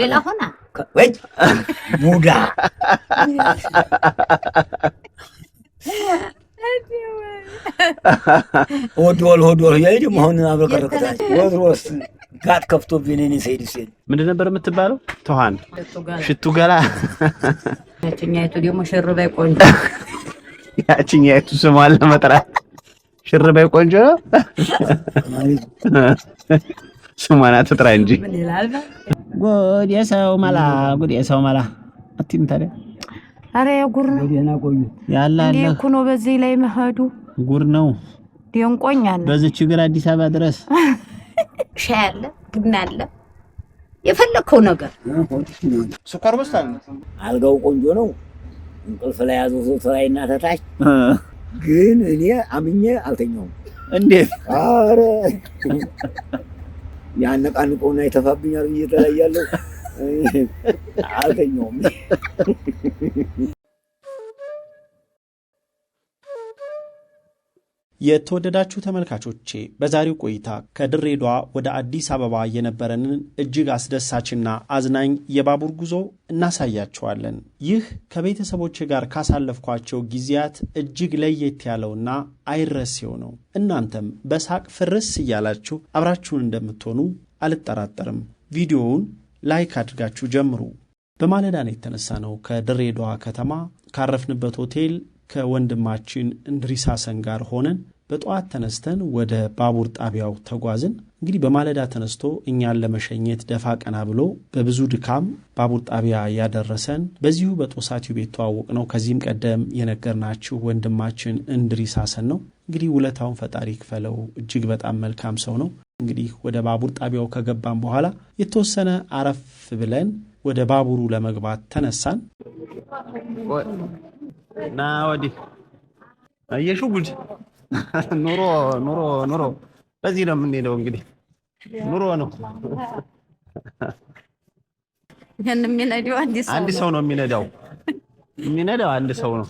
ሌላ ሆና ወይ ሙዳ ወዶል ወዶል ያይ ደግሞ አሁን አብረቀረቀታች ወዝ ጋጥ ከፍቶብኝ እኔ ሰይድ ሴድ ምንድን ነበር የምትባለው? ተኋን ሽቱ ገላ ያችኛይቱ ደግሞ ሽርበይ ቆንጆ ያችኛይቱ ስሟን ለመጥራት ሽርበይ ቆንጆ ነው። ስሟን አትጥራ እንጂ ጉድ የሰው መላ ጉድ የሰው መላ አትይም ታዲያ። አረ ጉር ነው ያለ አለ እኮ ነው በዚህ ላይ መሄዱ ጉር ነው ደንቆኛል። በዚች እግር አዲስ አበባ ድረስ ሻይ አለ ቡና አለ የፈለከው ነገር ስኳር በስታል። አልጋው ቆንጆ ነው። እንቅልፍ ላይ ያዘው ላይ እና ተታች ግን እኔ አምኜ አልተኛውም። እንዴት አረ ያነቃንቀውና የተፋብኛል ብዬ ተለያለሁ አልተኛውም። የተወደዳችሁ ተመልካቾቼ በዛሬው ቆይታ ከድሬዷ ወደ አዲስ አበባ የነበረንን እጅግ አስደሳችና አዝናኝ የባቡር ጉዞ እናሳያችኋለን። ይህ ከቤተሰቦቼ ጋር ካሳለፍኳቸው ጊዜያት እጅግ ለየት ያለውና አይረሴው ነው። እናንተም በሳቅ ፍርስ እያላችሁ አብራችሁን እንደምትሆኑ አልጠራጠርም። ቪዲዮውን ላይክ አድርጋችሁ ጀምሩ። በማለዳ ነው ከድሬዷ ከተማ ካረፍንበት ሆቴል ከወንድማችን እንድሪሳሰን ጋር ሆነን በጠዋት ተነስተን ወደ ባቡር ጣቢያው ተጓዝን። እንግዲህ በማለዳ ተነስቶ እኛን ለመሸኘት ደፋ ቀና ብሎ በብዙ ድካም ባቡር ጣቢያ ያደረሰን በዚሁ በጦሳቲው ቤት ተዋወቅ ነው። ከዚህም ቀደም የነገርናችሁ ወንድማችን እንድሪስ ሐሰን ነው። እንግዲህ ውለታውን ፈጣሪ ክፈለው። እጅግ በጣም መልካም ሰው ነው። እንግዲህ ወደ ባቡር ጣቢያው ከገባን በኋላ የተወሰነ አረፍ ብለን ወደ ባቡሩ ለመግባት ተነሳን ና ወዲህ አየሹ ጉድ ኑሮ ኑሮ ኑሮ በዚህ ነው የምንሄደው። እንግዲህ ኑሮ ነው። የሚነዳው አንድ ሰው ነው የሚነዳው የሚነዳው አንድ ሰው ነው።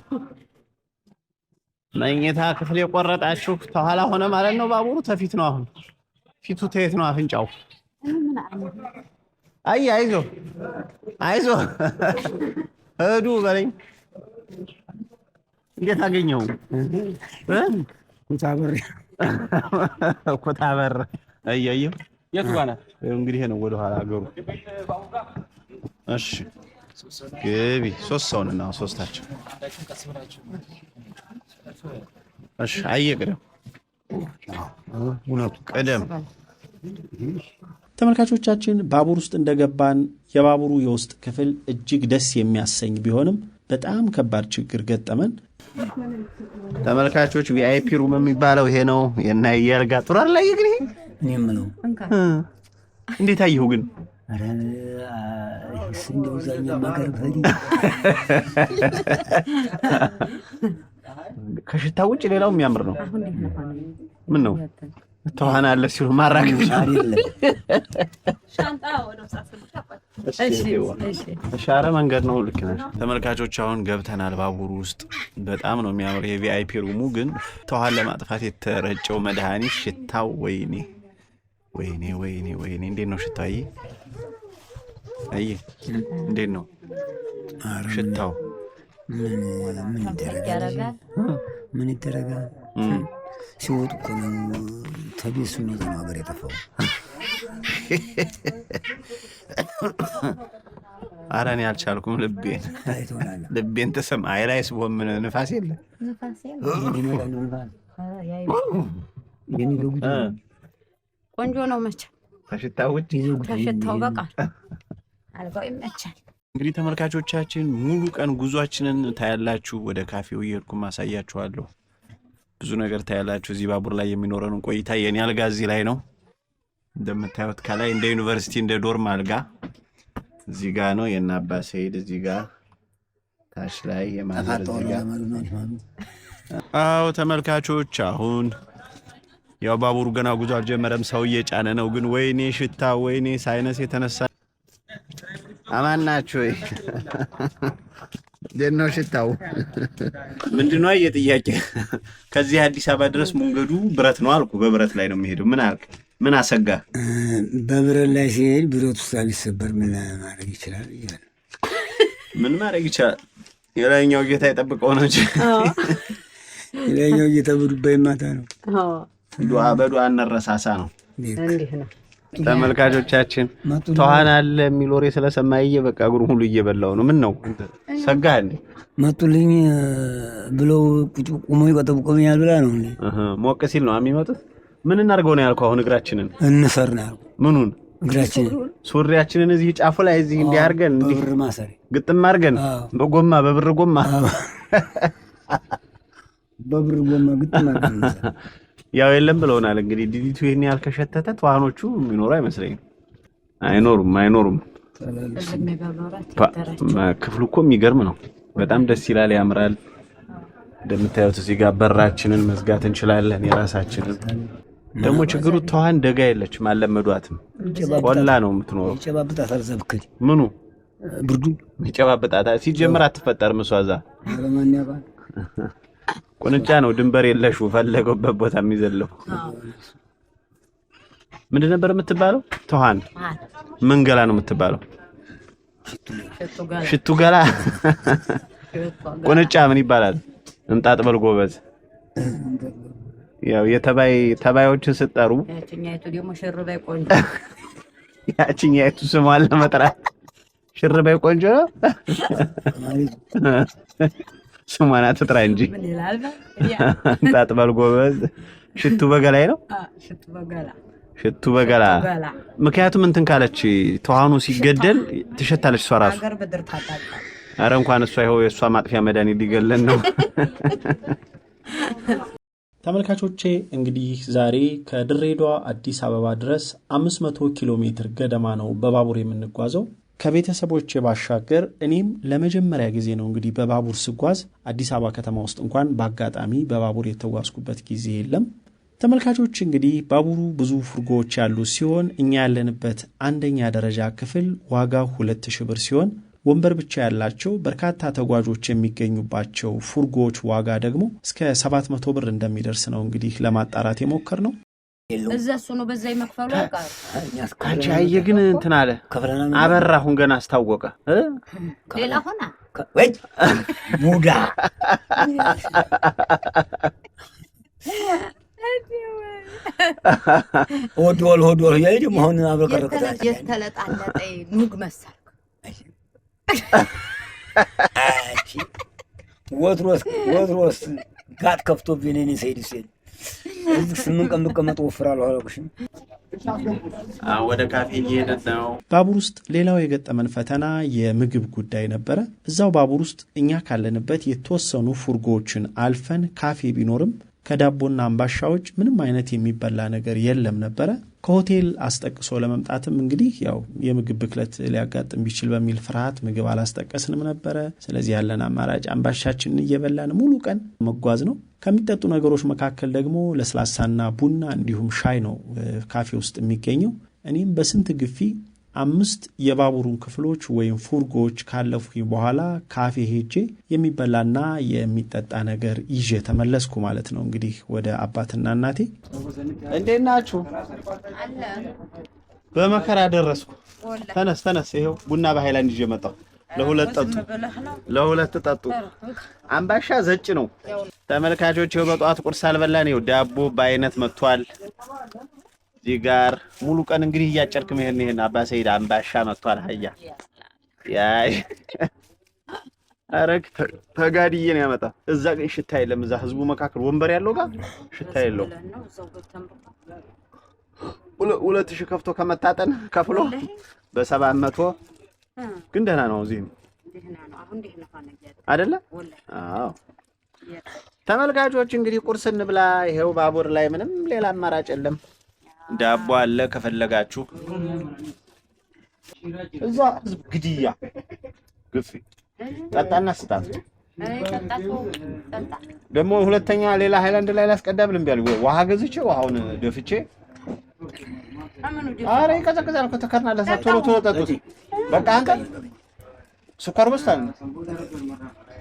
መኝታ ክፍል የቆረጣችሁ ተኋላ ሆነ ማለት ነው። ባቡሩ ተፊት ነው። አሁን ፊቱ ተየት ነው አፍንጫው። አይ አይዞ አይዞ እዱ በለኝ። እንዴት አገኘው? ኩታበር ኩታበር የቱ ጋር እንግዲህ ነው ወደ ኋላ እሺ ግቢ። ሶስት ሰው ነን አሁን ሶስታችን። እሺ አየህ፣ ቅደም ቅደም። ተመልካቾቻችን ባቡር ውስጥ እንደገባን የባቡሩ የውስጥ ክፍል እጅግ ደስ የሚያሰኝ ቢሆንም በጣም ከባድ ችግር ገጠመን። ተመልካቾች ቪአይፒ ሩም የሚባለው ይሄ ነው። የና የርጋ ጥሩ ላይ ግን ይሄ እኔ የምለው እንዴት አየሁ ግን ከሽታ ውጭ ሌላው የሚያምር ነው። ምን ነው ትሆናለህ ሲሉ ማራገብ ሻረ መንገድ ነው። ልክ ነሽ ተመልካቾች፣ አሁን ገብተናል ባቡር ውስጥ በጣም ነው የሚያምር የቪአይፒ ሩሙ። ግን ተኋን ለማጥፋት የተረጨው መድኃኒት ሽታው፣ ወይኔ ወይኔ ወይኔ ወይኔ! እንዴት ነው ሽታ? አየህ አይ እንዴት ነው ሽታው? ምን ይደረጋል? ምን ይደረጋል? ሲወጡ እኮ ነው ተቢሱ የሚዘ ነው ሀገር የጠፋው። ኧረ እኔ አልቻልኩም። ልቤን ልቤን ተሰማ አይራይስ ቦም ንፋስ የለ ቆንጆ ነው መቻል ተሽታው ተሽታው በቃ አልጋው ይመቻል። እንግዲህ ተመልካቾቻችን ሙሉ ቀን ጉዟችንን ታያላችሁ። ወደ ካፌው እየሄድኩ አሳያችኋለሁ። ብዙ ነገር ታያላችሁ። እዚህ ባቡር ላይ የሚኖረን ቆይታ የኔ አልጋ እዚህ ላይ ነው እንደምታዩት። ከላይ እንደ ዩኒቨርሲቲ እንደ ዶርም አልጋ እዚህ ጋ ነው። የእነ አባ ሰይድ እዚህ ጋ ታች ላይ አዎ፣ ተመልካቾች አሁን ያው ባቡሩ ገና ጉዞ አልጀመረም። ሰው እየጫነ ነው። ግን ወይኔ ሽታ፣ ወይኔ ሳይነስ የተነሳ አማን ናችሁ እንዴት ነው ሽታው? ምንድን ነው የጥያቄ ከዚህ አዲስ አበባ ድረስ መንገዱ ብረት ነው አልኩ። በብረት ላይ ነው የሚሄደው። ምን አልክ? ምን አሰጋ? በብረት ላይ ሲሄድ ብረት ውስጥ ሊሰበር ምን ማድረግ ይችላል? ምን ማድረግ ይችላል? የላይኛው ጌታ የጠብቀው ነው እንጂ የላይኛው ጌታ በዱባይ ማታ ነው። ዱዓ በዱዓ እንረሳሳ ነው። እንዲህ ነው። ተመልካቾቻችን ተዋህን አለ የሚል ወሬ ስለሰማይ በቃ እግሩ ሁሉ እየበላው ነው። ምን ነው ሰጋህል መጡልኝ ብለው ቁሞ ይቆጠቁም ያልብላ ነው ሞቅ ሲል ነው የሚመጡት። ምን እናድርገው ነው ያልኩ። አሁን እግራችንን እንሰር ነው ያልኩ። ምኑን እግራችንን ሱሪያችንን እዚህ ጫፉ ላይ እዚህ እንዲህ አድርገን ብር ማሰሪ ግጥም አድርገን በጎማ በብር ጎማ በብር ጎማ ግጥም አድርገን ያው የለም ብለውናል። እንግዲህ ዲዲቱ ይህን ያልከሸተተ ተዋኖቹ ተዋህኖቹ የሚኖሩ አይመስለኝም። አይኖሩም፣ አይኖሩም። ክፍሉ እኮ የሚገርም ነው። በጣም ደስ ይላል፣ ያምራል። እንደምታዩት እዚህ ጋር በራችንን መዝጋት እንችላለን። የራሳችንን ደግሞ ችግሩ ተዋን ደጋ የለችም፣ አለመዷትም። ቆላ ነው የምትኖረው። ምኑ ብርዱ ይጨባበጣታል። ሲጀምር አትፈጠርም እሷ እዛ ቁንጫ ነው። ድንበር የለሹ ፈለገበት ቦታ የሚዘለው ምንድን ነበር የምትባለው? ተዋን ምን ገላ ነው የምትባለው? ሽቱ ገላ። ቁንጫ ምን ይባላል? እንጣጥ በል ጎበዝ። ያው የተባይ ተባዮችን ስጠሩ ያቺኛይቱ ስሟን ለመጥራት ሽርበይ ቆንጆ ነው። ስሟን አትጥራ እንጂ ታጥበል ጎበዝ። ሽቱ በገላይ ነው ሽቱ በገላ። ምክንያቱም እንትን ካለች ተዋኑ ሲገደል ትሸታለች እሷ ራሱ። አረ እንኳን እሷ ይኸው የእሷ ማጥፊያ መድኃኒት ሊገለን ነው። ተመልካቾቼ እንግዲህ ዛሬ ከድሬዳዋ አዲስ አበባ ድረስ 500 ኪሎ ሜትር ገደማ ነው በባቡር የምንጓዘው። ከቤተሰቦች ባሻገር እኔም ለመጀመሪያ ጊዜ ነው እንግዲህ በባቡር ስጓዝ አዲስ አበባ ከተማ ውስጥ እንኳን በአጋጣሚ በባቡር የተጓዝኩበት ጊዜ የለም። ተመልካቾች እንግዲህ ባቡሩ ብዙ ፉርጎዎች ያሉ ሲሆን እኛ ያለንበት አንደኛ ደረጃ ክፍል ዋጋው ሁለት ሺህ ብር ሲሆን ወንበር ብቻ ያላቸው በርካታ ተጓዦች የሚገኙባቸው ፉርጎዎች ዋጋ ደግሞ እስከ 700 መቶ ብር እንደሚደርስ ነው እንግዲህ ለማጣራት የሞከር ነው። አንቺ አየ ግን እንትን አለ አበራ። አሁን ገና አስታወቀ ሌላ ሆና ሙዳ ደግሞ አሁን የተለጣለጠ ኑግ ወትሮስ ወትሮስ ጋጥ ከፍቶብኝ እኔ ሰይድ ሴድ ስምንት ቀን ብቀመጥ ወፍራለሁ አላልኩሽም? ወደ ካፌ እየሄድን ነው። ባቡር ውስጥ ሌላው የገጠመን ፈተና የምግብ ጉዳይ ነበረ። እዛው ባቡር ውስጥ እኛ ካለንበት የተወሰኑ ፉርጎዎችን አልፈን ካፌ ቢኖርም ከዳቦና አምባሻዎች ምንም አይነት የሚበላ ነገር የለም ነበረ። ከሆቴል አስጠቅሶ ለመምጣትም እንግዲህ ያው የምግብ ብክለት ሊያጋጥም ቢችል በሚል ፍርሃት ምግብ አላስጠቀስንም ነበረ። ስለዚህ ያለን አማራጭ አምባሻችንን እየበላን ሙሉ ቀን መጓዝ ነው። ከሚጠጡ ነገሮች መካከል ደግሞ ለስላሳና ቡና እንዲሁም ሻይ ነው ካፌ ውስጥ የሚገኘው። እኔም በስንት ግፊ አምስት የባቡሩን ክፍሎች ወይም ፉርጎዎች ካለፉኝ በኋላ ካፌ ሄጄ የሚበላና የሚጠጣ ነገር ይዤ ተመለስኩ ማለት ነው። እንግዲህ ወደ አባትና እናቴ እንዴት ናችሁ? በመከራ ደረስኩ። ተነስ ተነስ፣ ይኸው ቡና በሀይላንድ ይዤ መጣሁ። ለሁለት ጠጡ፣ ለሁለት ጠጡ። አምባሻ ዘጭ ነው። ተመልካቾች፣ ይኸው በጠዋት ቁርስ አልበላን። ይኸው ዳቦ በአይነት መጥቷል። እዚህ ጋር ሙሉ ቀን እንግዲህ እያጨርክ ምህን ይህን አባ ሰይድ አምባሻ መጥቷል። ሀያ ያይ አረክ ያመጣ። እዛ ግን ሽታ የለም። እዛ ህዝቡ መካከል ወንበር ያለው ጋር ሽታ የለው። ሁለት ሺህ ከፍቶ ከመታጠን ከፍሎ በሰባት መቶ ግን ደህና ነው። እዚህ አደለ ተመልካቾች እንግዲህ ቁርስ እንብላ። ይሄው ባቡር ላይ ምንም ሌላ አማራጭ የለም። ዳቦ አለ ከፈለጋችሁ። እዛ ህዝብ ግድያ ግፍ ጠጣና ስጣት። ደግሞ ሁለተኛ ሌላ ሃይላንድ ላይ ላስቀዳ ብል እምቢ ውሃ ገዝቼ ውሃውን ደፍቼ አረ ይቀዘቅዛል እኮ ተከርና ለሳ ቶሎ ቶሎ ጠጡት። በቃ አንተ ስኳር በስታል።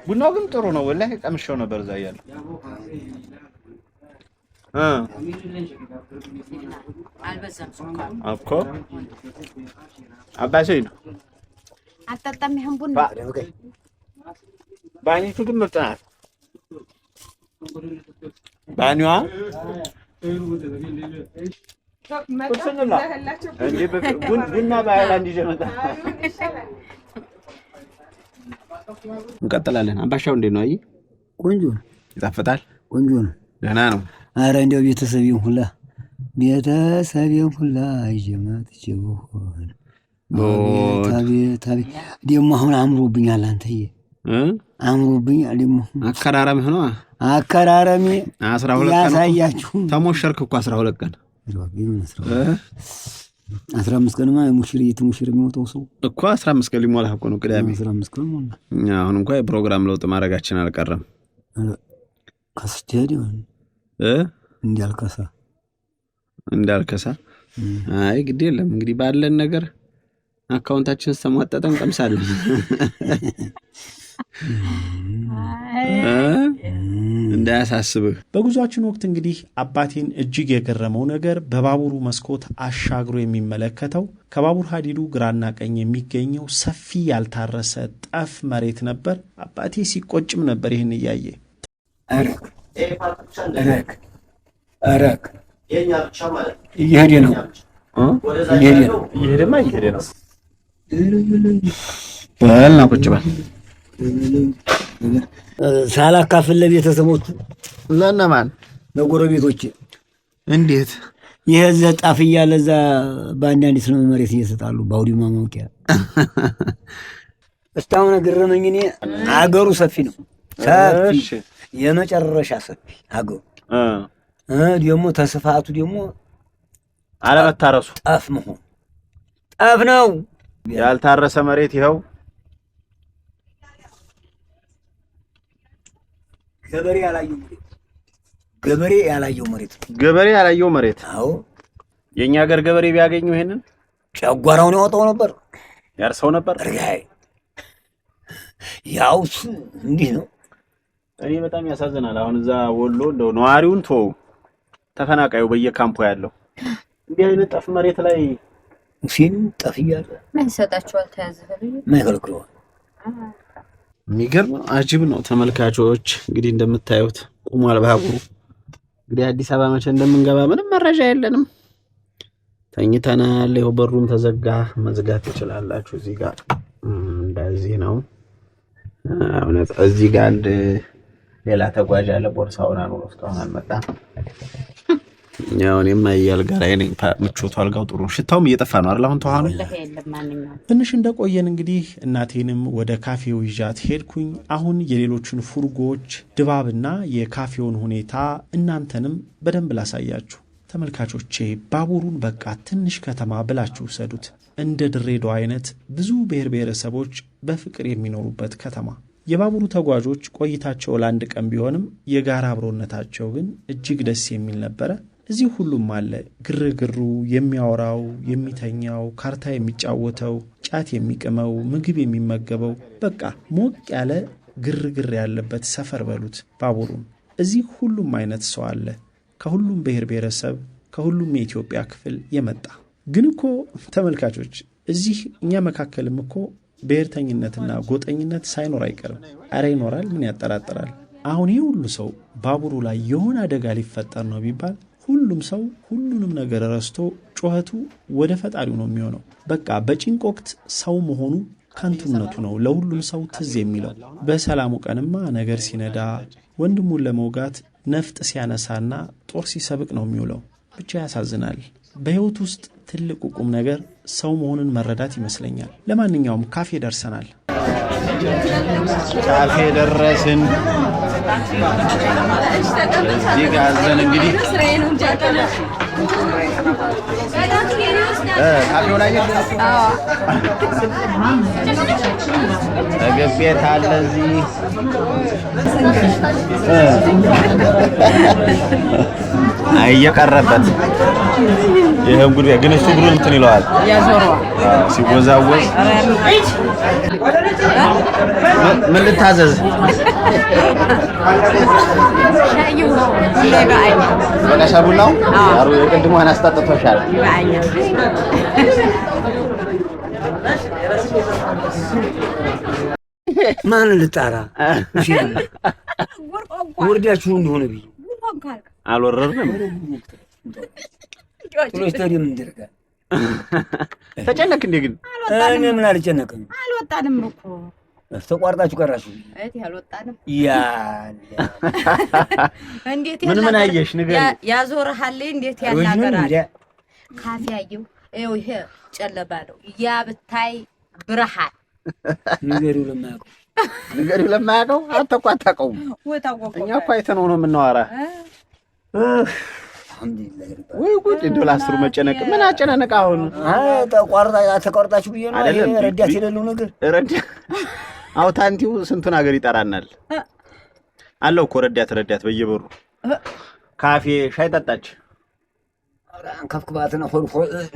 ቡናው ግን ጥሩ ነው ወላሂ ቀምሼው ነበር እዛ እኮ አባሴ ነው። አልጠጣም። ይሄን ቡና ባኒቱ ግን ምርጥ ናት። ባኒዋ ቡና በሀይላንድ ይዤ መጣ። እንቀጥላለን። አባሻው እንዴት ነው? አየህ፣ ቆንጆ ይጣፍጣል። ቆንጆ ነው። ደህና ነው። አረ እንዲያው ቤተሰቤን ሁላ ቤተሰቤን ሁላ ይዤ መጥቼ ብሆን ደግሞ አሁን አምሮብኛል። አንተዬ አምሮብኛል። ደግሞ አከራረምህ ነው አከራረሜ አስራ ሁለት ቀን ያሳያችሁ ተሞሸርክ እኮ አስራ ሁለት ቀን አስራ አምስት ቀን ሙሽር የት ሙሽር የሚወጣው ሰው እኮ አስራ አምስት ቀን ሊሞላ እኮ ነው። ቅዳሜ አስራ አምስት ቀን ሞላ። አሁን እንኳ የፕሮግራም ለውጥ ማድረጋችን አልቀረም ከስቴዲዮን እንዳልከሳ እንዳልከሳ። አይ ግድ የለም እንግዲህ ባለን ነገር አካውንታችን ስተሟጠጠ እንቀምሳለን። እንዳያሳስብህ። በጉዟችን ወቅት እንግዲህ አባቴን እጅግ የገረመው ነገር በባቡሩ መስኮት አሻግሮ የሚመለከተው ከባቡር ሀዲዱ ግራና ቀኝ የሚገኘው ሰፊ ያልታረሰ ጠፍ መሬት ነበር። አባቴ ሲቆጭም ነበር ይህን እያየ ረክ እየሄደ ነው እየሄደማ እየሄደ ነው። በል ና ቁጭ በል። ሳላካፍል ለቤተሰቦቹ ለእነማን ለጎረቤቶች እንዴት ይሄ እዛ ጣፍ እያለ እዛ በአንዳንድ ስነ መሬት እየሰጣሉ በአውዲማ ማውቂያ እስካሁን ግረመኝ። እኔ አገሩ ሰፊ ነው ሰፊ የመጨረሻ ሰፊ አገው ደግሞ ተስፋቱ ደግሞ አለመታረሱ ጠፍ መሆኑ ጠፍ ነው። ያልታረሰ መሬት ይኸው ገበሬ ያላየው መሬት ገበሬ ያላየው መሬት ገበሬ ያላየው መሬት። አዎ የኛ ሀገር ገበሬ ቢያገኘው ይሄንን ጨጓራውን ያወጣው ነበር፣ ያርሰው ነበር። ያው እንዲህ ነው። እኔ በጣም ያሳዝናል። አሁን እዛ ወሎ እንደው ነዋሪውን ተወው፣ ተፈናቃዩ በየካምፖ ያለው እንዲህ አይነት ጠፍ መሬት ላይ ሲን ጠፍ እያለ ምን ይሰጣቸዋል? ተያዘ ምን ይከለክለዋል? የሚገርም አጅብ ነው። ተመልካቾች እንግዲህ እንደምታዩት ቁሟል ባቡሩ። እንግዲህ አዲስ አበባ መቼ እንደምንገባ ምንም መረጃ የለንም። ተኝተናል። ይኸው በሩም ተዘጋ። መዝጋት ትችላላችሁ። እዚህ ጋር እንደዚህ ነው። እውነት እዚህ ጋር አንድ ሌላ ተጓዥ አለ። ቦርሳውን አኑሮፍተውን አልመጣም። ያው እኔም አልጋ ላይ ነኝ። ምቾቱ አልጋው ጥሩ ሽታውም እየጠፋ ነው አይደል? አሁን ተኋነ ትንሽ እንደቆየን እንግዲህ እናቴንም ወደ ካፌው ይዣት ሄድኩኝ። አሁን የሌሎችን ፉርጎዎች ድባብና የካፌውን ሁኔታ እናንተንም በደንብ ላሳያችሁ ተመልካቾቼ። ባቡሩን በቃ ትንሽ ከተማ ብላችሁ ውሰዱት። እንደ ድሬዳዋ አይነት ብዙ ብሔር ብሔረሰቦች በፍቅር የሚኖሩበት ከተማ የባቡሩ ተጓዦች ቆይታቸው ለአንድ ቀን ቢሆንም የጋራ አብሮነታቸው ግን እጅግ ደስ የሚል ነበረ። እዚህ ሁሉም አለ። ግርግሩ፣ የሚያወራው፣ የሚተኛው፣ ካርታ የሚጫወተው፣ ጫት የሚቅመው፣ ምግብ የሚመገበው፣ በቃ ሞቅ ያለ ግርግር ያለበት ሰፈር በሉት ባቡሩን። እዚህ ሁሉም አይነት ሰው አለ፣ ከሁሉም ብሔር ብሔረሰብ፣ ከሁሉም የኢትዮጵያ ክፍል የመጣ ግን እኮ ተመልካቾች እዚህ እኛ መካከልም እኮ ብሔርተኝነትና ጎጠኝነት ሳይኖር አይቀርም። አረ ይኖራል፣ ምን ያጠራጥራል? አሁን ይህ ሁሉ ሰው ባቡሩ ላይ የሆነ አደጋ ሊፈጠር ነው ቢባል ሁሉም ሰው ሁሉንም ነገር ረስቶ ጩኸቱ ወደ ፈጣሪው ነው የሚሆነው። በቃ በጭንቅ ወቅት ሰው መሆኑ ከንቱነቱ ነው ለሁሉም ሰው ትዝ የሚለው። በሰላሙ ቀንማ ነገር ሲነዳ ወንድሙን ለመውጋት ነፍጥ ሲያነሳና ጦር ሲሰብቅ ነው የሚውለው። ብቻ ያሳዝናል። በሕይወት ውስጥ ትልቁ ቁም ነገር ሰው መሆኑን መረዳት ይመስለኛል። ለማንኛውም ካፌ ደርሰናል። ካፌ ደረስን። እዚህ ጋዘን እንግዲህ እግቤት አለ እዚህ እየቀረበት ይህም ጉድ ግን እሱ እግሩን እንትን ይለዋል ሲወዛወዝ። ምን ልታዘዝ? በቃሻ ቡናው አሩ አስጠጥቶሻል። ማን ልጣራ? ወርዳችሁ እንደሆነ ብዬ አልወረድንም። ሎች ታዲያ ምን ይደረጋል? ተጨነክ እንዴ? ግን እኔ ምን አልጨነቅም። አልወጣንም እኮ ተቋርጣችሁ ቀራችሁ። ያለ ምን ምን አየሽ ንገሪኝ። ያዞርሃል እንዴት ያናገራል? ካፌ አየሁ ይኸው ይሄ ጨለባ ነው። ያ ብታይ ብርሃን ንገሪው ለማያውቀው ንገሪው ለማያውቀው አንተ እኮ አታውቀውም። እኛ እኮ አይተነው ነው የምናወራ። ወይ ጉድ እንደው ለአስሩ መጨነቅ ምን አጨናነቅ? አሁን ተቋርጣችሁ ብዬ ነው ረዳት የሌለው ነገር ታንቲው ስንቱን ሀገር ይጠራናል። አለው እኮ ረዳት ረዳት በየበሩ ካፌ ሻይ ጠጣች አንከፍክባት ነው ሆልኮ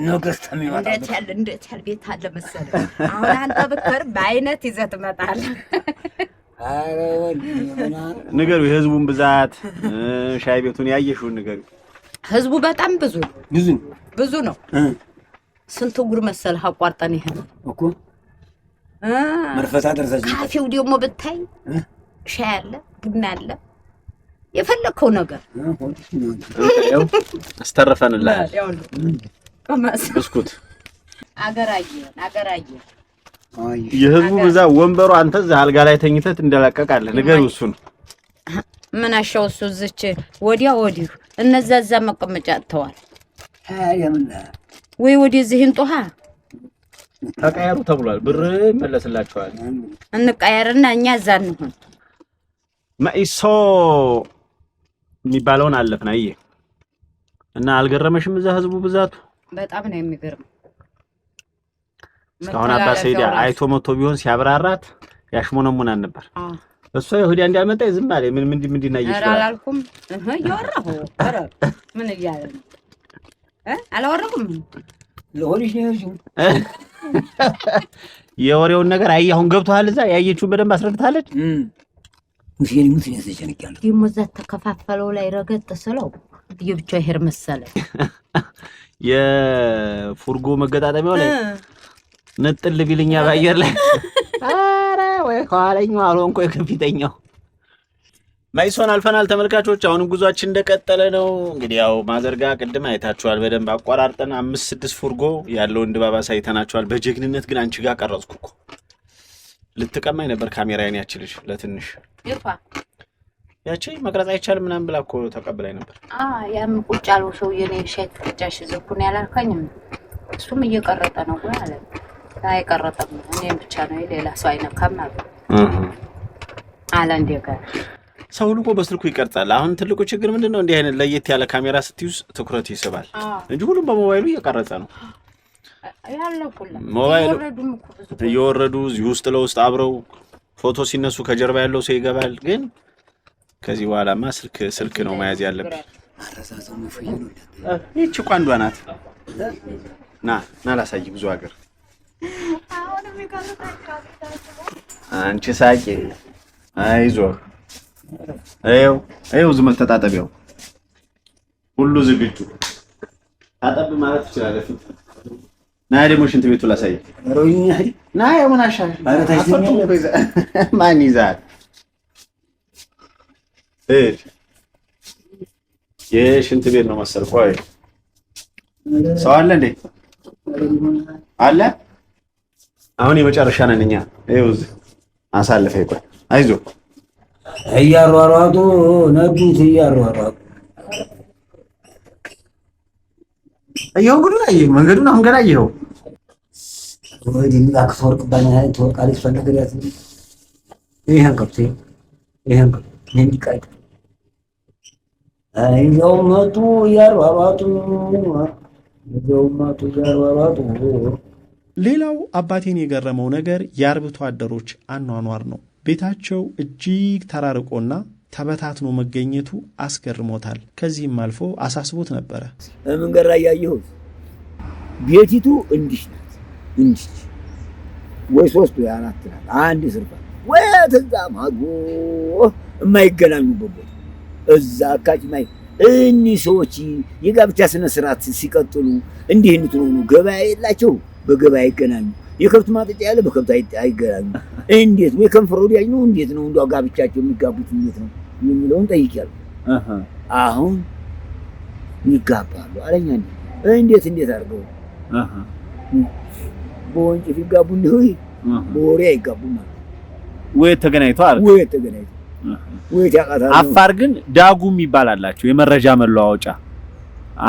ነገስ ተሚመጣ እንዴት ያለ እንዴት ያለ ቤት አለ መሰለ። አሁን አንተ ብትከር በአይነት ይዘህ ትመጣለህ። አረ ንገሩ፣ የህዝቡን ብዛት ሻይ ቤቱን ያየሽውን ንገሩ። ህዝቡ በጣም ብዙ ብዙ ብዙ ነው። ስንት ጉር መሰለ አቋርጠን ይሄን እኮ መርፈታ ደረሰች። ካፌው ደግሞ ብታይ ሻይ አለ፣ ቡና አለ የፈለግከው ነገር አስተረፈንላል። ብስኩት አገራየን አገራየን የህዝቡ ወንበሩ አንተ እዛ አልጋ ላይ ተኝተት እንደላቀቃለህ ነገር ነው ምን አሻው እሱ እዚች ወዲያ ወዲሁ እነዛ እዛ መቀመጫ አጥተዋል። ወይ ወደዚህ እንጦሃ ተቀየሩ ተብሏል። ብር ይመለስላቸዋል እንቀየርና እኛ እዛ እንሆን ማይሶ የሚባለውን አለፍን። አየህ እና አልገረመሽም? እዛ ህዝቡ ብዛቱ በጣም ነው የሚገርም። እስካሁን አባ ሰይድ አይቶ መቶ ቢሆን ሲያብራራት ያሽሞነሙናን ነበር። እሷ ይሁዲ እንዲያመጣ ዝም አለ። ምን ምን ምን ነው ይሽራል? አላልኩም እህ ያወራሁ አረ ምን ይያለ እ አላወራኩም ለሆንሽ ነው እዚህ የወሬውን ነገር አይ አሁን ገብቶሃል። እዛ ያየችውን በደንብ አስረድታለች። ሙሴን ሙሴን ተጨንቅ ያለ ደግሞ እዛ ተከፋፈለው ላይ ረገጥ ስለው የብቻ ሄር መሰለ የፉርጎ መገጣጠሚያው ላይ ንጥል ቢልኛ ባየር ላይ ኧረ ወይ ከኋለኛው አልሆንኩ የከፊተኛው ማይሶን አልፈናል ተመልካቾች። አሁንም ጉዟችን እንደቀጠለ ነው። እንግዲህ ያው ማዘርጋ ቅድም አይታችኋል በደንብ አቋራርጠን አምስት ስድስት ፉርጎ ያለውን ድባብ አሳይተናችኋል። በጀግንነት ግን አንቺ ጋር ቀረጽኩ እኮ ልትቀማኝ ነበር ካሜራዬን ያቺ ልጅ ለትንሽ ያቺ መቅረጽ አይቻልም ምናምን ብላ እኮ ተቀብላኝ ነበር። ያም ቁጭ ያለው ሰውዬ እኔ ሻይ ዘኩን ያላልካኝም እሱም እየቀረጠ ነው ወይ አለ። አይቀረጠም እኔም ብቻ ነው ሌላ ሰው አይነካም አለ አለ ጋር ሰው ሁሉ እኮ በስልኩ ይቀርጻል። አሁን ትልቁ ችግር ምንድን ነው? እንዲህ አይነት ለየት ያለ ካሜራ ስትይዝ ትኩረት ይስባል እንጂ ሁሉም በሞባይሉ እየቀረጸ ነው። ሞባይል እየወረዱ እዚህ ውስጥ ለውስጥ አብረው ፎቶ ሲነሱ ከጀርባ ያለው ሰው ይገባል። ግን ከዚህ በኋላማ ስልክ ስልክ ነው መያዝ ያለብን። ይቺ እኮ አንዷ ናት። ና ና ላሳይ ብዙ ሀገር አንቺ ሳቂ። አይዞ ይው ዝም ዝመል ተጣጠቢያው ሁሉ ዝግጁ ታጠብ ማለት ትችላለህ ፊት ና ደግሞ ሽንት ቤቱ ላሳይ። ና የምን ማን ይዛል? የሽንት ቤት ነው መሰል። ቆይ ሰው አለ እንዴ? አለ። አሁን የመጨረሻ ነን እኛ። ይኸው እዚህ ቆይ አይዞህ። እያሯሯጡ ነዱት፣ እያሯሯጡ እየው። ጉድ ላይ መንገዱን አሁን ገና ይኸው ሌላው አባቴን የገረመው ነገር የአርብቶ አደሮች አኗኗር ነው። ቤታቸው እጅግ ተራርቆና ተበታትኖ መገኘቱ አስገርሞታል። ከዚህም አልፎ አሳስቦት ነበረ። መንገድ ላይ ያየሁት ቤቲቱ እንዲህ ነው እንዲህ ወይ ሶስት ወይ አራት ናት አንድ ስርፋ ወይ እዛ ማጎ የማይገናኙበት ቦታ እዛ አካጭ ማይ እኒህ ሰዎች የጋብቻ ስነ ስርዓት ሲቀጥሉ እንዲህ እንትኑ ነው። ገበያ የላቸው፣ በገበያ አይገናኙ። የከብት ማጠጫ ያለ በከብት አይገናኙ። እንዴት ወይ ከንፈረ ወዲያጅ ነው እንዴት ነው እንዷ ጋብቻቸው የሚጋቡት እንዴት ነው የሚለውን ጠይቄያለሁ። አሁን ይጋባሉ አለኛ እንዴት እንዴት አድርገው በወንጭ ሲጋቡ እንዲሁ በወሬ አይጋቡም ማለት ውየት ተገናኝቶ አለ ውየት ተገናኝቶ ውየት ያቃታል። አፋር ግን ዳጉም ይባላላቸው የመረጃ መለዋወጫ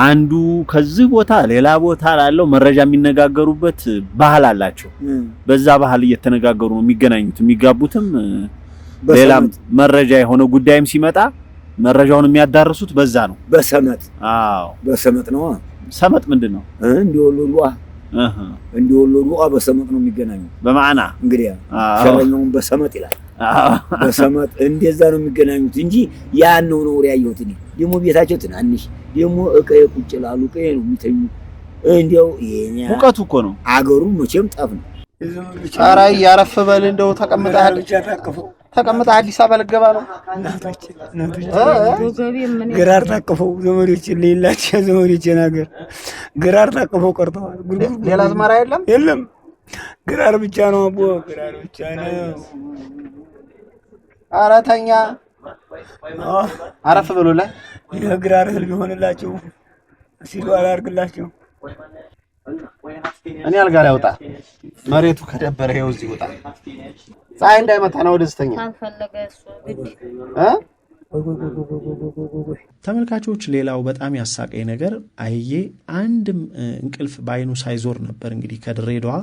አንዱ ከዚህ ቦታ ሌላ ቦታ ላለው መረጃ የሚነጋገሩበት ባህል አላቸው። በዛ ባህል እየተነጋገሩ ነው የሚገናኙት የሚጋቡትም። ሌላም መረጃ የሆነ ጉዳይም ሲመጣ መረጃውን የሚያዳርሱት በዛ ነው። በሰመጥ አዎ፣ በሰመጥ ነው። ሰመጥ ምንድን ነው? እንዲወሉ እንደ ወሎ በሰመጥ ነው የሚገናኙ። በማዕና እንግዲህ ሸረኛውን በሰመጥ ይላል። በሰመጥ እንደዛ ነው የሚገናኙት እንጂ ያን ነው ነው ያየሁት። እኔ ደግሞ ቤታቸው ትናንሽ ደግሞ እቀየ ቁጭ ላሉ እቀየ ነው የሚተኙ። እንዲያው ሙቀቱ እኮ ነው አገሩ መቼም ጠፍ ነው። ኧረ እያረፍ በል እንደው ተቀምጠሃል ብቻ ታቅፈው ተቀምጣ አዲስ አበባ ልገባ ነው። ግራር ታቅፈው ዘመዶችን ሌላቸው ዘመዶችን ሀገር ግራር ታቅፈው ቀርተዋል። ሌላ አዝመራ የለም የለም፣ ግራር ብቻ ነው አቦ ግራር ብቻ ነው። አራተኛ አረፍ ብሎ ላይ ግራር እህል ቢሆንላቸው ሲሉ አላርግላቸው እኔ አልጋ ላይ መሬቱ ከደበረ ይኸው እዚህ ውጣ ፀሐይ እንዳይመታ ነው ደስተኛ ተመልካቾች። ሌላው በጣም ያሳቀኝ ነገር አይዬ አንድም እንቅልፍ በአይኑ ሳይዞር ነበር እንግዲህ ከድሬዳዋ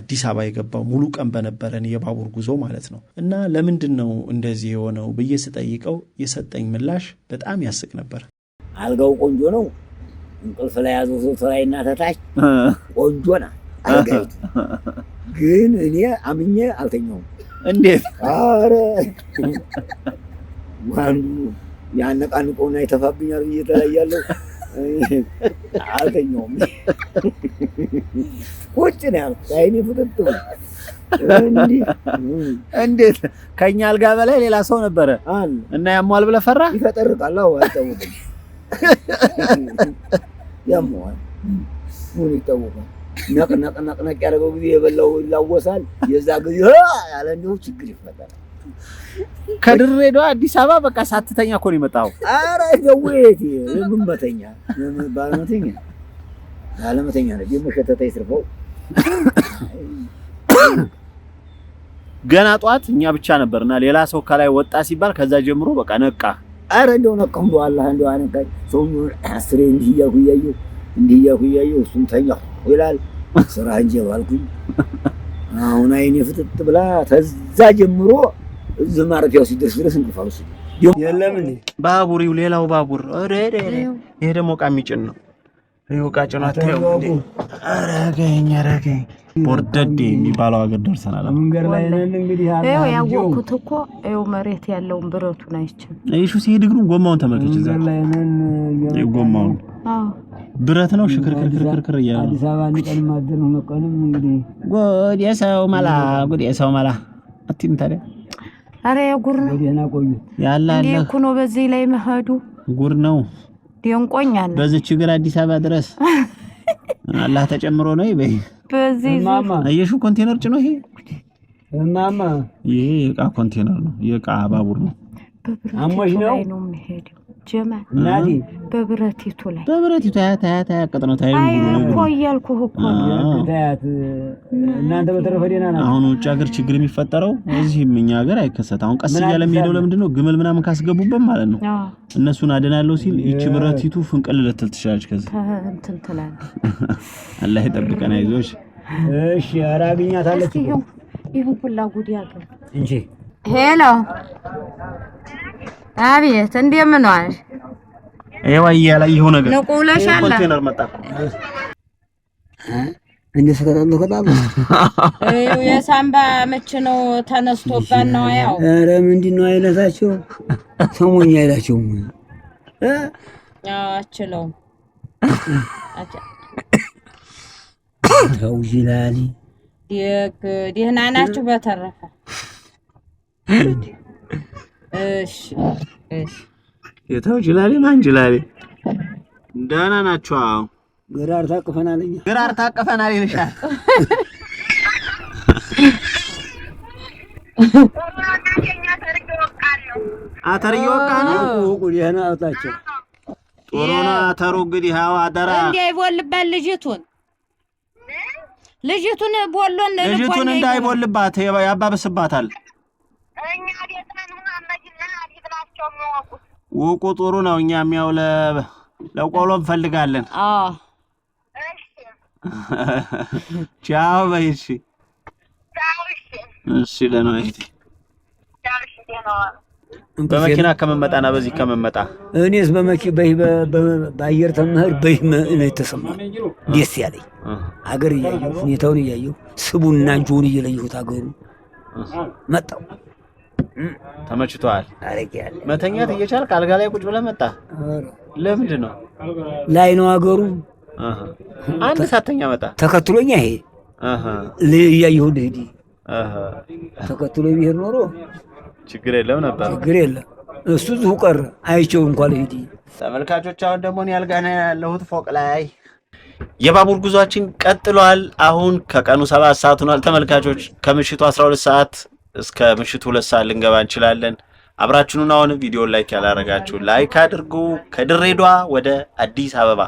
አዲስ አበባ የገባው ሙሉ ቀን በነበረን የባቡር ጉዞ ማለት ነው። እና ለምንድን ነው እንደዚህ የሆነው ብዬ ስጠይቀው የሰጠኝ ምላሽ በጣም ያስቅ ነበር። አልጋው ቆንጆ ነው። እንቅልፍ ላይ ያዘው ሰው እና ተታች ቆንጆ ና ግን እኔ አምኜ አልተኛውም እንዴት አረ ዋንዱ ያነቃንቀውና የተፋብኛል ብዬ ተለያለሁ። አልተኛውም ቁጭ ነው ያልኩት። አይኔ ፍጥጥ እንዴት ከእኛ አልጋ በላይ ሌላ ሰው ነበረ እና ያሟል ብለህ ፈራ ይፈጠርቃል። አዎ አይታወቅም፣ ያሟል ምን ይታወቃል። ነቅ ነቅ ነቅ ነቅ ያደረገው ጊዜ የበላው ይላወሳል። የዛ ጊዜ ያለ እንዲሁ ችግር ይፈጠራል። ከድሬዳዋ አዲስ አበባ በቃ ሳትተኛ እኮ ነው የመጣው። ኧረ ደዌ ምን መተኛ ባለመተኛ ባለመተኛ ነው የመሸተታ ይስርፈው። ገና ጠዋት እኛ ብቻ ነበርና ሌላ ሰው ከላይ ወጣ ሲባል ከዛ ጀምሮ በቃ ነቃ። አረ እንደው ነቀም በኋላ እንደው አነቃኝ ሰው አስሬ እንዲህ እያልኩ እያየሁ እንዲህ እያልኩ እያየሁ እሱም ተኛሁ ይላል ስራ እንጂ ባልኩኝ። አሁን አይኔ ፍጥጥ ብላ ተዛ ጀምሮ እዚህ ማረፊያው ሲደርስ ድረስ እንቅልፍ አልወሰደኝ። የለም ባቡር ሌላው ባቡር ይሄ ደግሞ እቃ የሚጭን ነው። እቃ ጭኖ አታየውም እንዴ? ረገኝ ረገኝ ቦርደዴ የሚባለው ሀገር ደርሰናል። መንገድ ላይ ነን እንግዲህ ያው ያወቅኩት እኮ ይኸው መሬት ያለውን ብረቱን አይቼ ይሹ ሲሄድ እግሩን ጎማውን ተመልከች። እዛ ጎማውን ብረት ነው ሽክርክርክርክር እያለ አዲስ አበባ አንድ ቀን ማደር ነው መቀንም እንግዲህ ጉድ የሰው መላ ጉድ የሰው መላ አትይም ታዲያ አረ ጉር ነው ቆዩ ያለ አለ እኮ ነው በዚህ ላይ መሄዱ ጉር ነው ደንቆኛል በዚህ ችግር አዲስ አበባ ድረስ አላህ ተጨምሮ ነው ይበይ በዚህ አየሹ ኮንቴነር ጭኖ ይሄ እማማ ይሄ የእቃ ኮንቴነር ነው የእቃ ባቡር ነው አሞሽ ነው ጀማል በብረቲቱ ላይ በብረቲቱ አያት አያት አያት ቀጥነው ታያዩ እኮ እያልኩህ እኮ እናንተ በተረፈ ደህና ናት። አሁን ውጭ ሀገር ችግር የሚፈጠረው እዚህም እኛ ሀገር አይከሰት። አሁን ቀስ እያለ የሚሄደው ለምንድን ነው? ግመል ምናምን ካስገቡበት ማለት ነው እነሱን አደናለሁ ሲል ይቺ ብረቲቱ ፍንቅል ልትል ትችላለች። ከዚህ እንትን ትላለች። አላህ ይጠብቀን። አይዞሽ። እሺ ኧረ አግኛታለች። ይሁን ሁላ ጉድ ያገር እንጂ ሄሎ አቤት እንደምን ዋልሽ? እንዴ ሰከታለሁ ከታለሁ እዩ የሳምባ ምች ነው ተነስቶባት ነው። ያው ኧረ ምንድን ነው አይነታቸው ሰሞኛ አይላቸውም አችለውም ተው ይላል። ደህና ናችሁ በተረፈ እሺ እሺ። የታው ጅላሌ ማን ጅላሌ? ደህና ናችሁ? አዎ። ግራር ታቅፈናል እኛ ግራር ታቅፈናል ይልሻል። አተር እየወቃ ነው። ደህና አውጣቸው። ጥሩ ነው አተሩ። እንግዲህ አዎ፣ አደራ እንዳይቦልባት ልጅቱን ልጅቱን ቦሎን ልጅቱን እንዳይቦልባት ያባብስባታል። እኛ ቤት ነን ውቁ ጥሩ ነው። እኛም ያው ለቆሎ እንፈልጋለን። ቻው በይ። እሺ፣ እሺ። ደህና እህቴ፣ በመኪና ከመመጣና በዚህ ከመመጣ እኔስ በመኪ በአየር ተምህር በይ ነው የተሰማው። ደስ ያለኝ አገር እያየሁ ሁኔታውን እያየሁ ስቡና እየለየሁት አገሩ መጣው ተመችቷል። መተኛት እየቻልክ አልጋ ላይ ቁጭ ብለህ መጣ። ለምንድን ነው ላይ ነው አገሩ አንድ ሳተኛ መጣ። ተከትሎኛ ይሄ እያየሁ ልሂድ። ተከትሎ ቢሄድ ኖሮ ችግር የለም ነበር። ችግር የለም እሱ እዚሁ ቀረ። አይቼው እንኳ ልሂድ። ተመልካቾች፣ አሁን ደግሞ እኔ ነው ያለሁት ፎቅ ላይ። የባቡር ጉዟችን ቀጥሏል። አሁን ከቀኑ ሰባት ሰዓት ሆኗል። ተመልካቾች ከምሽቱ 12 ሰዓት እስከ ምሽቱ ሁለት ሰዓት ልንገባ እንችላለን። አብራችሁን አሁን ቪዲዮ ላይክ ያላረጋችሁ ላይክ አድርጉ። ከድሬዷ ወደ አዲስ አበባ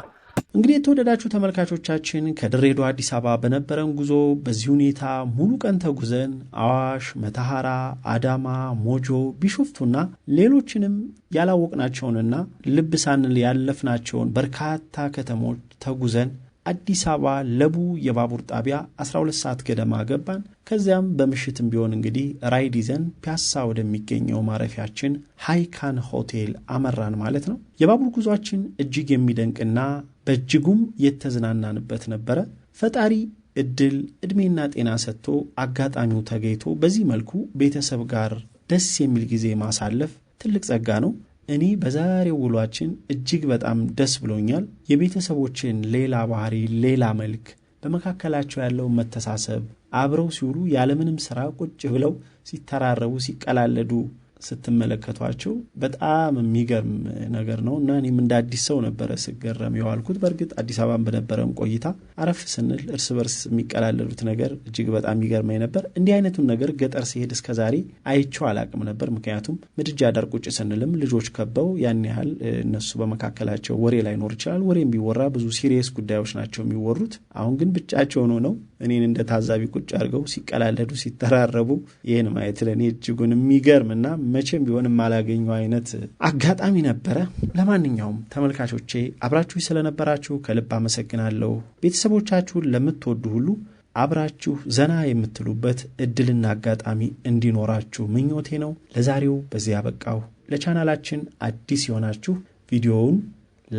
እንግዲህ የተወደዳችሁ ተመልካቾቻችን ከድሬዷ አዲስ አበባ በነበረን ጉዞ በዚህ ሁኔታ ሙሉ ቀን ተጉዘን አዋሽ፣ መተሐራ፣ አዳማ፣ ሞጆ፣ ቢሾፍቱና ሌሎችንም ያላወቅናቸውንና ልብ ሳንል ያለፍናቸውን በርካታ ከተሞች ተጉዘን አዲስ አበባ ለቡ የባቡር ጣቢያ 12 ሰዓት ገደማ ገባን። ከዚያም በምሽትም ቢሆን እንግዲህ ራይድ ይዘን ፒያሳ ወደሚገኘው ማረፊያችን ሃይካን ሆቴል አመራን ማለት ነው። የባቡር ጉዟችን እጅግ የሚደንቅና በእጅጉም የተዝናናንበት ነበረ። ፈጣሪ እድል፣ ዕድሜና ጤና ሰጥቶ አጋጣሚው ተገይቶ በዚህ መልኩ ቤተሰብ ጋር ደስ የሚል ጊዜ ማሳለፍ ትልቅ ጸጋ ነው። እኔ በዛሬው ውሏችን እጅግ በጣም ደስ ብሎኛል። የቤተሰቦችን ሌላ ባህሪ፣ ሌላ መልክ፣ በመካከላቸው ያለው መተሳሰብ፣ አብረው ሲውሉ ያለምንም ስራ ቁጭ ብለው ሲተራረቡ፣ ሲቀላለዱ ስትመለከቷቸው በጣም የሚገርም ነገር ነው እና እኔም እንደ አዲስ ሰው ነበረ ስገረም የዋልኩት። በእርግጥ አዲስ አበባን በነበረም ቆይታ አረፍ ስንል እርስ በርስ የሚቀላለሉት ነገር እጅግ በጣም ይገርመኝ ነበር። እንዲህ አይነቱን ነገር ገጠር ሲሄድ እስከዛሬ አይቼው አላቅም ነበር። ምክንያቱም ምድጃ ዳር ቁጭ ስንልም ልጆች ከበው ያን ያህል እነሱ በመካከላቸው ወሬ ላይኖር ይችላል። ወሬ የሚወራ ብዙ ሲሪየስ ጉዳዮች ናቸው የሚወሩት። አሁን ግን ብቻቸውን ሆነው እኔን እንደ ታዛቢ ቁጭ አድርገው ሲቀላለዱ፣ ሲተራረቡ ይህን ማየት ለእኔ እጅጉን የሚገርምና መቼም ቢሆን የማላገኘው አይነት አጋጣሚ ነበረ። ለማንኛውም ተመልካቾቼ አብራችሁ ስለነበራችሁ ከልብ አመሰግናለሁ። ቤተሰቦቻችሁን ለምትወዱ ሁሉ አብራችሁ ዘና የምትሉበት እድልና አጋጣሚ እንዲኖራችሁ ምኞቴ ነው። ለዛሬው በዚህ አበቃሁ። ለቻናላችን አዲስ የሆናችሁ ቪዲዮውን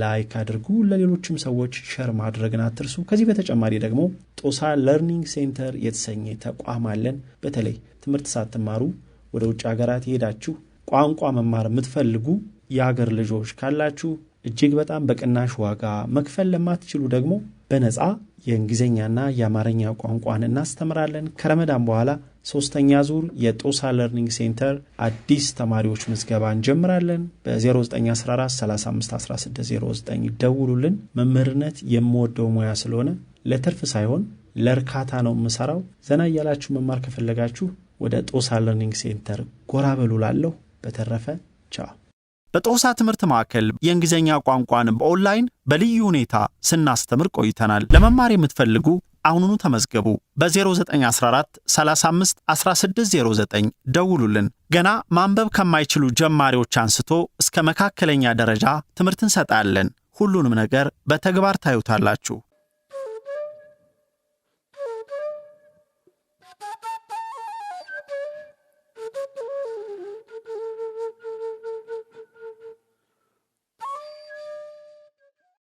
ላይክ አድርጉ። ለሌሎችም ሰዎች ሸር ማድረግን አትርሱ። ከዚህ በተጨማሪ ደግሞ ጦሳ ለርኒንግ ሴንተር የተሰኘ ተቋም አለን። በተለይ ትምህርት ሳትማሩ ወደ ውጭ ሀገራት ሄዳችሁ ቋንቋ መማር የምትፈልጉ የሀገር ልጆች ካላችሁ እጅግ በጣም በቅናሽ ዋጋ መክፈል ለማትችሉ ደግሞ በነፃ የእንግሊዝኛና የአማርኛ ቋንቋን እናስተምራለን። ከረመዳን በኋላ ሶስተኛ ዙር የጦሳ ለርኒንግ ሴንተር አዲስ ተማሪዎች ምዝገባ እንጀምራለን። በ0914351609 ደውሉልን። መምህርነት የምወደው ሙያ ስለሆነ ለትርፍ ሳይሆን ለእርካታ ነው የምሰራው። ዘና እያላችሁ መማር ከፈለጋችሁ ወደ ጦሳ ለርኒንግ ሴንተር ጎራ በሉ ላለሁ። በተረፈ ቻው። በጦሳ ትምህርት ማዕከል የእንግሊዝኛ ቋንቋን በኦንላይን በልዩ ሁኔታ ስናስተምር ቆይተናል። ለመማር የምትፈልጉ አሁኑኑ ተመዝገቡ። በ0914 35 1609 ደውሉልን። ገና ማንበብ ከማይችሉ ጀማሪዎች አንስቶ እስከ መካከለኛ ደረጃ ትምህርት እንሰጣለን። ሁሉንም ነገር በተግባር ታዩታላችሁ።